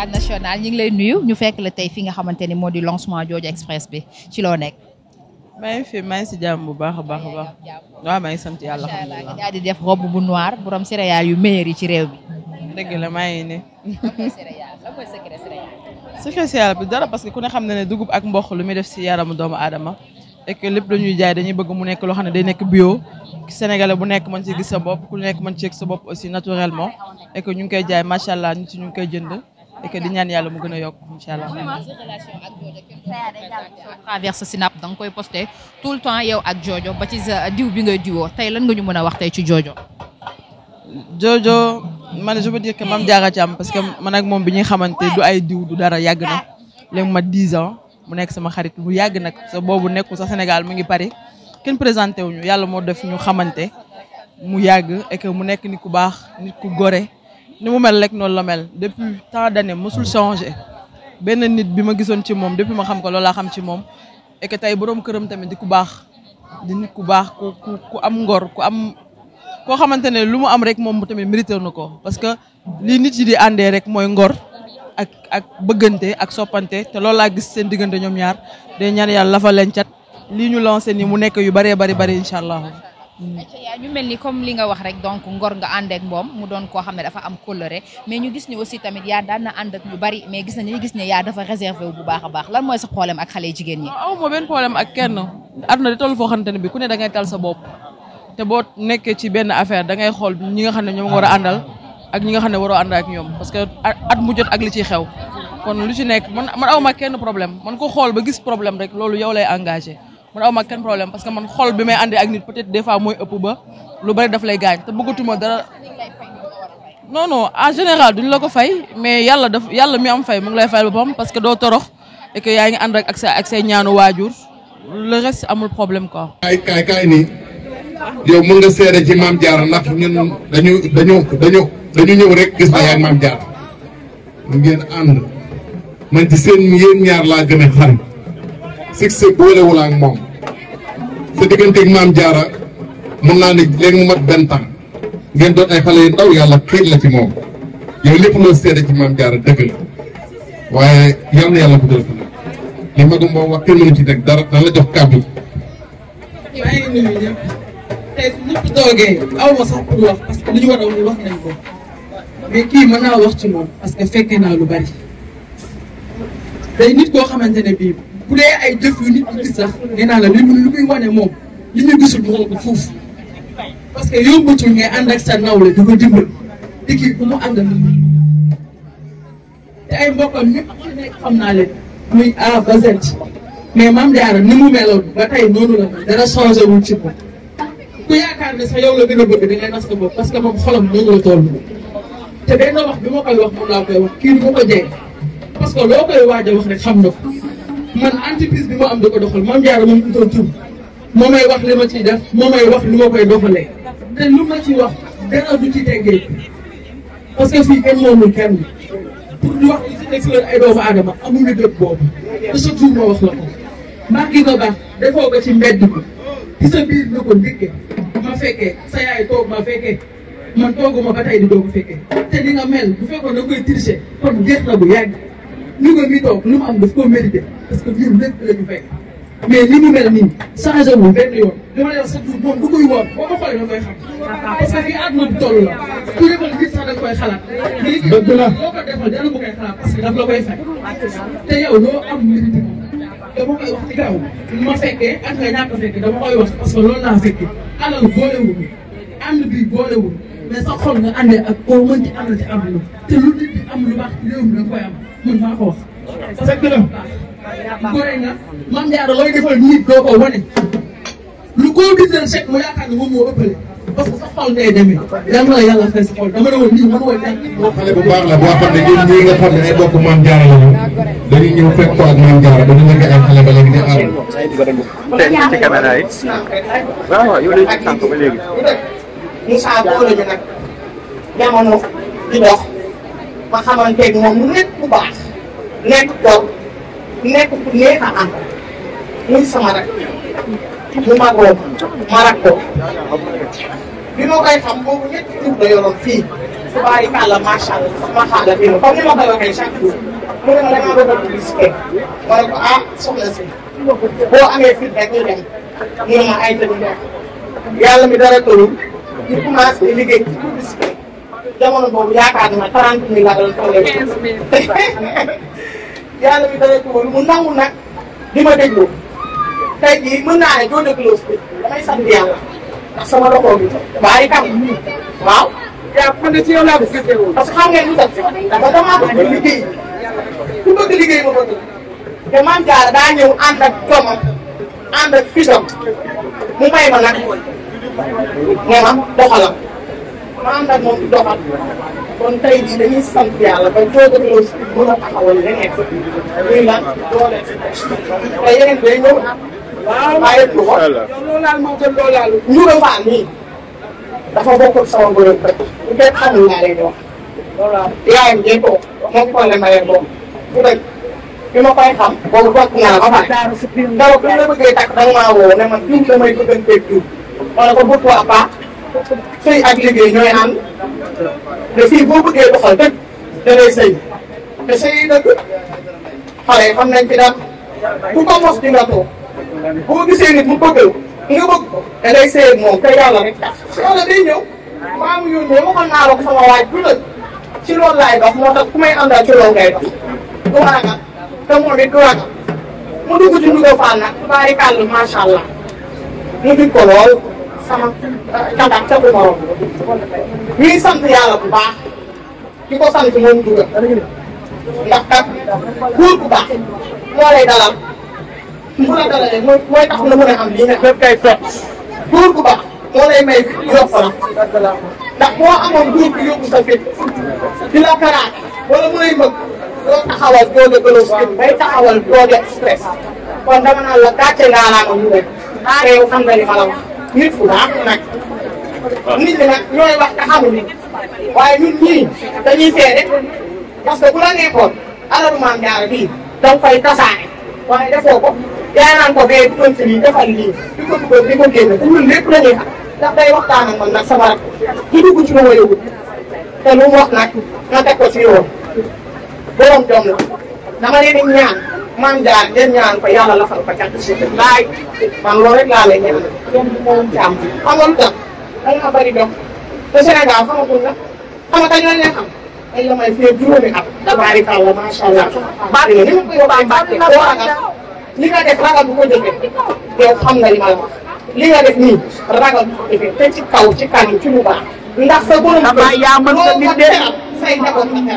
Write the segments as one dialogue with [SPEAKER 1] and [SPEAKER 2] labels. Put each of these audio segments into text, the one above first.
[SPEAKER 1] Théâtre National ñu ngi lay nuyu ñu fekk la tay fi nga xamanteni ni moo di lancement Jojo Express bi ci loo nekk. maa ngi fi
[SPEAKER 2] maa ngi si jàmm bu baax a baax a baax waaw maa ngi sant yàlla alhamdulilah
[SPEAKER 1] daal di def robe bu noir borom
[SPEAKER 2] céréales yu meilleur yi ci réew bi dëgg la maa ngi ne secret céréale bi dara parce que ku ne xam na ne dugub ak mboq lu muy def si yaramu doomu aadama et que lépp lu ñuy jaay dañuy bëgg mu nekk loo xam ne day nekk bio sénégalais bu nekk mën ci gis sa bopp ku nekk mën ci yëg sa bopp aussi naturellement et que ñu ngi koy jaay macha allah ñu ci ñu ngi koy jënd et di ñaan yàlla mu gën a yokk
[SPEAKER 1] incha allah. traverse Snap da nga koy posté tout le temps yow ak Jojo ci sa bi ngay diwoo tey lan nga ñu mën a wax tey ci Jojo.
[SPEAKER 2] Jojo man je veux dire que Mame Diarra Thiam parce que man moom bi ñuy xamante du ay diw du dara yàgg na léegi ma 10 ans mu nekk sama xarit bu yàgg nag sa boobu nekkul sa Sénégal mu ngi Paris kenn présenté wuñu yàlla moo def ñu xamante mu yàgg et mu nekk nit ku baax nit ku gore. ni mu mel rek noonu la mel depuis temps d'années mosul changé benn nit bi ma gisoon ci moom depuis ma xam ko loolaa xam ci moom et que tey boroom këram tamit di ku baax di nit ku baax ku am ngor ku am koo xamante ne lu mu am rek moom tamit mérité na ko parce que lii nit yi di àndee rek mooy ngor ak ak bëggante ak soppante te loolu laa gis seen diggante ñoom ñaar day ñaan yàlla la fa leen lii ñu lancé nii mu nekk yu bëree bëri bëri incha allah
[SPEAKER 1] yaa ñu mel ni comme li nga wax rek donc ngor nga ànd ak moom mu doon koo xam ne dafa am coloré mais ñu gis ni aussi tamit yaa daan na ànd ak ñu bari mais gis gis ne yaa dafa réservé wu bu baax a baax lan mooy sa problème ak xale jigéen ñi. Ah,
[SPEAKER 2] aw ma benn problème kenn àdduna di toll foo ne bi ku ne da tal sa bopp te boo nekkee ci benn affaire da ngay xool ñi nga xam ne ñoom nga war a ah. àndal ak ñi nga xam ne waroo ànd ak ñoom parce que at mu jot ak li ciy xew kon lu ci nekk man man aw ma kenn problème man ko xool ba gis problème rek loolu yow lay engagé man awma ken problème parce que man xol bi may andi ak nit peut-être des fois moy ëpp ba lu bari daf lay gañ te bëggatuma dara. non non en général duñ la ko fay mais yalla daf yalla mi am fay mu ngi lay fay bopam parce que do torox et que yaa ngi ànd rek ak sa ak say ñaanu wajur le reste amul problème
[SPEAKER 3] quoi. kay kay kay ni yow mën nga seede ci mam jaar nak ñun dañu dañu dañu dañu ñëw rek gis na yaa mam jaar ngeen and man ci seen yeen ñaar la gëna xam boole boolewul ak moom sa digganteeg maam jaara mën naa ne léegi mu mat benn temps ngeen doon ay xale yu ndaw yàlla xiir la ci moom yow lépp loo seede ci maam jaara dëgg la waaye yal na yàlla ko jël li dum moom wax kenn mënu ci teg dara dana la jox kàddu
[SPEAKER 2] maa ngi nuyu ñëpp tey su ñëpp toogee aw ma sax pour wax parce que li ñu war a wax wax nañ ko mais kii mën naa wax ci moom parce que fekkee naa lu bari day nit koo xamante ne bii bu dee ay jëf yu nit ñi gis sax nee naa la li muy li muy wane moom li ñu gisul ñu ko fuuf parce que yombatul ngay ànd ak sa nawle du ko dimbal te kii mu àndal te ay mbokkam xam naa leen muy A ba Z mais Mame Diarra ni mu meloon ba tey noonu la mel dara changé wul ci moom ku yaakaar ne sax yow la gën a bëgg da ngay nas ko bopp parce que moom xolam noonu la toll te benn wax bi ma koy wax moom laa koy wax kii du ko jege parce que loo koy waaj a wax rek xam man entreprise bi ma am da ko doxal Mame Diarra moom itam tur moo may wax li ma ciy def moo may wax li ma koy doxalee te lu ma ci wax dara du ci teggee parce que fii kenn moomul kenn pour di wax ay doomu aadama amuñu dëkk boobu
[SPEAKER 4] te sa tur ma wax
[SPEAKER 2] la ko mbaax gi nga baax defoo ko ci mbedd ma ci sa biir nga ko ndikke ma fekkee sa yaay toog ma fekkee man tooguma ba tey di doo ko fekkee te li nga mel bu fekkoon da koy tricher kon jeex na bu yàgg Louga mi toog lu mu am daf koo mérité parce que ñun lépp la ñu fekk mais li mu mel nii changé wu benn yoon dama lay wax chaque jour moom bu koy woon boo ko xoolee da koy xam. parce que fii àdduna bi toll la ku defal nit sax da koy xalaat. dëgg la boo ko defal dana mu koy xalaat parce que daf la koy fekk. te yow loo am mérité dama koy wax ci gaaw ma fekkee ak nga ñàkk a fekkee dama koy wax parce que loolu laa fekkee alal boolewul ànd bi boolewul mais sa xol nga àndee ak koo mënti ànd ci am na te lu nit di am lu baax réew mi da koy am. man maa ko wax. fekk na gore nga Mame Diarra looy defal nit doo ko wane lu ko bindal chèque mu yaakaar ne moom moo ëppale parce que sa xol ngay demee yal na yàlla fay sa xol dama ne woon nii man woon ñàkk. xale
[SPEAKER 4] bu baax la boo xam ne ñun
[SPEAKER 3] ñii nga xam ne ay bokk Mame Diarra la ñu dañuy ñëw fekk ko ak Mame Diarra ba dina gën a xale ba léegi di aar. tey ci caméra yi. waaw waaw yow léegi sànq ba léegi.
[SPEAKER 4] Moussa Dóor la ñu nag jamono di dox. ma xamanteeg moom mu nekk bu baax nekk toog nekk neex a ànd muy sama rak mu magoo ma rak bi ma xam boobu ñetti tur la yoroon fii subaari kàlla macha allah sama xaaral fi comme ni ma koy waxee mu ne ma damaa bëgg a publicité ko ah soxna si boo amee fit rek ñu dem ñu ne ma ay tëdd yàlla mi dara tëddul ñu commencé liggéey ci publicité Jangan boobu yaakaar na trente mille laa doon soxla quinze mille yàlla di mana déglu tey jii mën naa ne doo dégloo si damay sama loxo bi bàyyi kam waaw yaa man de ci yow laa ko gisee yang parce que xam ngeen lu tax dafa damaa bëgg liggéey ku bëgg ma ànd moom di doxal kon tey jii dañuy sant yàlla ba joogatoo si mën a taxawal leneen muy lan doole te yeneen day ñëw waaye du ko loolu nii dafa bokkul sama bërëb rek bu kenn xamul naa leen wax loolu moom kon la ma leen doom bu dëgg bi ma koy xam boobu bokk naa ba pare da nga maa woo ne man diw ko bëgg
[SPEAKER 1] sëy ak liggéey ñooy ànd
[SPEAKER 4] te fii boo bëggee doxal dëgg da ngay sëy te sëy dëgg
[SPEAKER 1] xale yi xam nañ fi daal ku ko mos di
[SPEAKER 4] nga toog boo gisee nit mu bëggal nga bëgg ko da ngay sëy ak moom te yàlla rek tax yàlla day ñëw maamu yónnee waxoon naa la ko sama waaj bu lëg ci loolu laay dox moo tax ku may àndal ci loolu ngay dox du ragal te moom it du ragal mu dugg ci Nduga Fall nag bari kàll macha allah mu dig ko lool sama jantam catu morom ñuy sant yàlla bu baax di ko sant moom dugal ndax kat góor bu baax moo lay dalal mu la dalalee mooy mooy tax na mën a am lii nga def kay fekk góor bu baax moo lay may yokk la ndax boo amoon góor bu yóbbu sa fit di la karaat wala mu lay mëg doo taxawal doo de gëloo bay taxawal doo de stress kon dama naan la gàcce ngaa laa ma ñu rek aa yow xam nga li ma la wax nit ku baax nag. nit ñi nag ñooy wax te xamuñu waaye ñun ñii dañuy seede parce que bu la nekkoon alalu maam jaara bii da nga fay tasaare waaye defoo ko jaay naan ko bee dugal ci lii defal lii di ko dugal ko génne te ñun waxtaan ak man nag sama rakk ci lu ma yëgul te lu mu wax nag nga teg ko yoon borom jom la dama leen ñaan. maam jaar dem ñaan ko yàlla lafal ko cat si laaj man loolu rek laa lay ñaan ñoom moom ci am xamoon tax da nga bëri dox te Sénégal xamagul na xam nga kañ la leen am ay la may fee juróomi at tabaarikàlla macha allah bàyyi la ni ma koy bàyyi bàyyi boo ragal li nga def ragal bu ko jëfee yow xam nga li ma la wax li nga def nii ragal bu ko jëfee te ci kaw ci kanam ci lu baax ndax sa borom yaa mën sa nit de say njaboot nga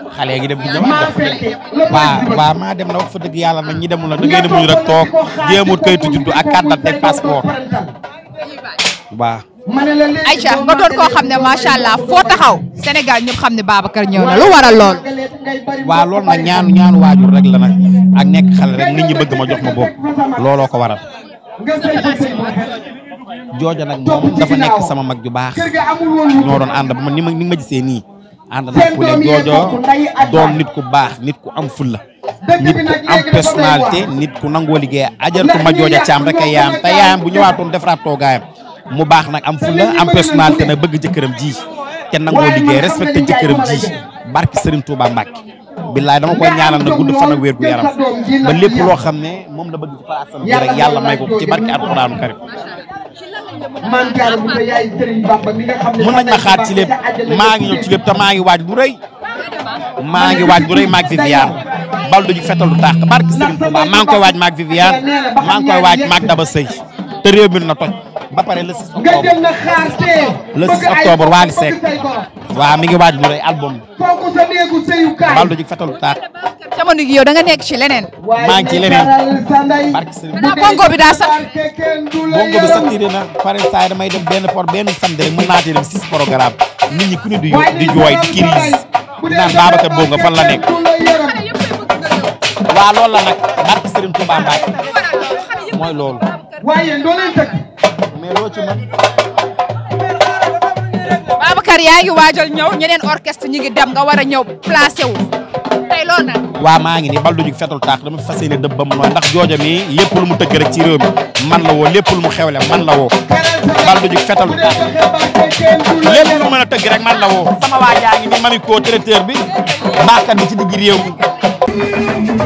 [SPEAKER 3] xale gi dem du ñëw waa waa maa dem na wax fa dëgg yàlla nag ñi demul la da ngay demul rek toog jéemut kayitu juddu ak carte d'identité passeport waa
[SPEAKER 1] Aïcha nga doon koo xam ne macha allah foo taxaw Sénégal ñëpp xam ne Babacar ñëw na lu waral lool. waa loolu nag ñaanu ñaanu
[SPEAKER 3] waajur rek la nag ak nekk xale rek nit ñi bëgg ma jox ma bopp looloo ko waral. jooja nag dafa nekk sama mag ju baax ñoo doon ànd ba ni ma gisee nii. ànd nag ku joojoo doon nit ku baax nit ku am fulla nit ku am personnalité nit ku nangoo liggéey ajartu ma jooja caam rek a yaayam te yaayam bu ñëwaatoon defaraat toogaayam mu baax nag am fulla am personnalité nag bëgg jëkkëram ji te nangoo liggéey respecté jëkkëram ji barki Serigne Touba Mbacke billaay dama ko ñaanal na gudd fan ak wér gu yaram ba lépp loo xam ne moom la bëgg ci a bi rek yàlla may ko ci barki alxuraanu karim maam nañ ma xaat ci lépp maa ngi ñëw ci lépp te maa ngi waaj lu rëy. maa ngi waaj lu rëy maag Viviane bal duñu fetalu tàq barke Serigne Touba maa ngi koy waaj maag Viviane maa ngi koy waaj maag Daba Sëy te réew na toj ba pare le 6 octobre
[SPEAKER 1] le 6 octobre
[SPEAKER 3] waaw mi ngi waaj lu rëy album bi bal duñu fetalu tàq.
[SPEAKER 1] jamono gi yow da nga nekk ci leneen. maa ngi ci leneen. barke Serigne. xanaa bongo
[SPEAKER 3] na pare saa damay dem benn por benn samedi rek mën naa dem six programme nit ñi ku ne di di jooy di crise naan Babacar bongo la nekk. waaw loolu la nag barke Serigne mooy loolu.
[SPEAKER 1] mais loo ci mën. Babacar yaa ngi waajal ñeneen orchestre ñi ngi dem nga war a ñëw tey
[SPEAKER 3] waaw maa ngi nii baldu ñu fetul taax dama fas yéene dëbbam nooy ndax jooja lépp lu mu tëgg rek ci réew mi man la woo lépp lu mu xewle man la woo baldu ñu fetal lépp lu mën a tëgg rek man la woo sama waa jaa ngi nii mami ko traiteur bi baaxkat bi
[SPEAKER 1] ci digg réew